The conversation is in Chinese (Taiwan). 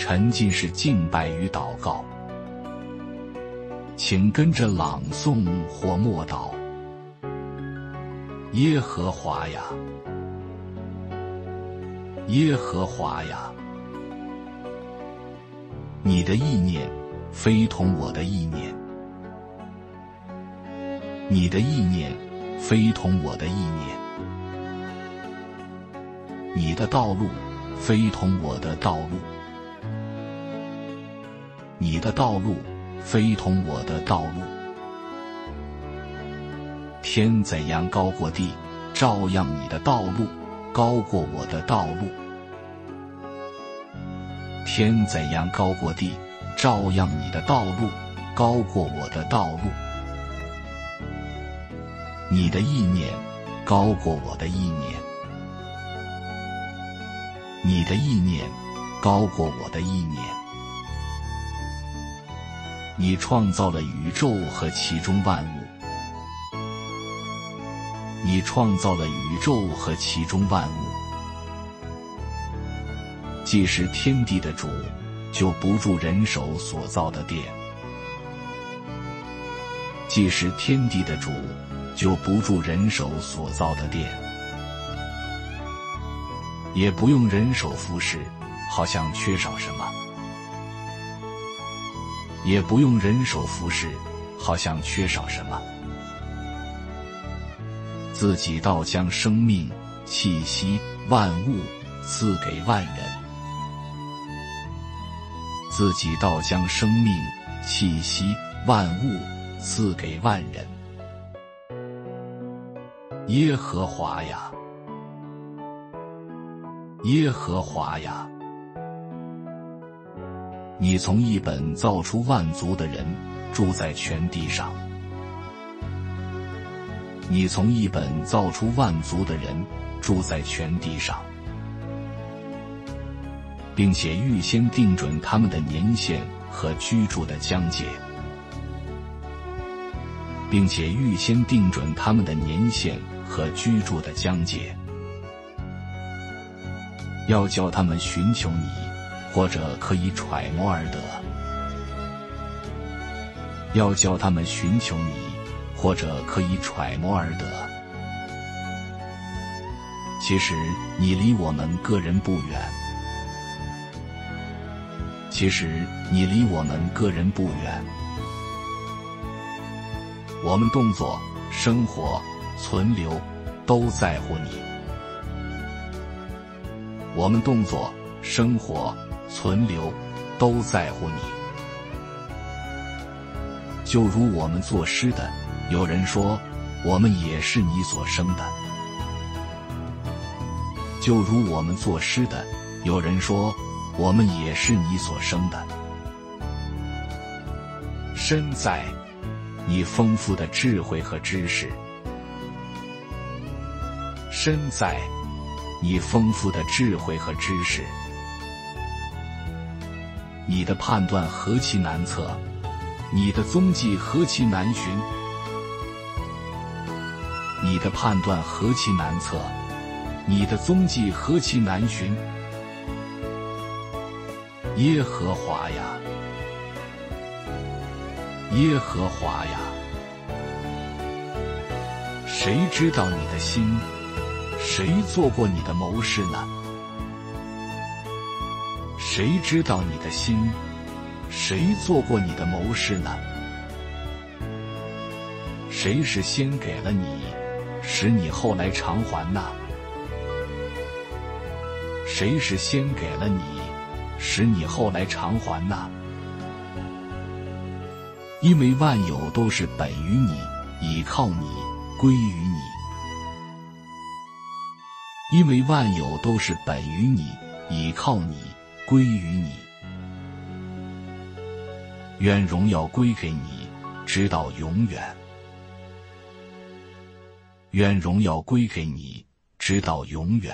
沉浸式敬拜與禱告，請跟着朗誦或默禱。耶和華呀，耶和華呀，你的意念非同我的意念，你的意念非同我的意念，你的道路非同我的道路。你的道路非同我的道路，天怎樣高過地，照樣你的道路高過我的道路；天怎樣高過地，照樣你的道路高過我的道路。你的意念高過我的意念，你的意念高過我的意念。你創造了宇宙和其中萬物，你創造了宇宙和其中萬物。既是天地的主，就不住人手所造的殿；既是天地的主，就不住人手所造的殿，也不用人手服事，好像缺少什麼。也不用人手服事，好像缺少什麼。自己倒將生命、氣息、萬物賜給萬人。自己倒將生命、氣息、萬物賜給萬人。耶和華啊，耶和華啊。你從一本造出萬族的人住在全地上，你從一本造出萬族的人住在全地上，並且預先定準他們的年限和居住的疆界，並且預先定準他們的年限和居住的疆界，要叫他們尋求你。或者可以揣摩而得，要叫他們尋求你，或者可以揣摩而得。其實你離我們個人不遠，其實你離我們個人不遠。我們動作、生活、存留，都在乎你。我們動作、生活。存留，都在乎你。就如我們作詩的，有人說，我們也是你所生的。就如我們作詩的，有人說，我們也是你所生的。深哉，你豐富的智慧和知識，深哉，你豐富的智慧和知識。你的判斷何其難測，你的蹤跡何其難尋。你的判斷何其難測，你的蹤跡何其難尋。耶和華呀，耶和華呀，誰知道你的心？誰做過你的謀士呢？誰知道你的心？誰做過你的謀士呢？誰是先給了你，使你後來償還呢？誰是先給了你，使你後來償還呢？因為萬有都是本於你，倚靠你，歸於你。因為萬有都是本於你，倚靠你。歸於你，願榮耀歸給你，直到永遠。願榮耀歸給你，直到永遠。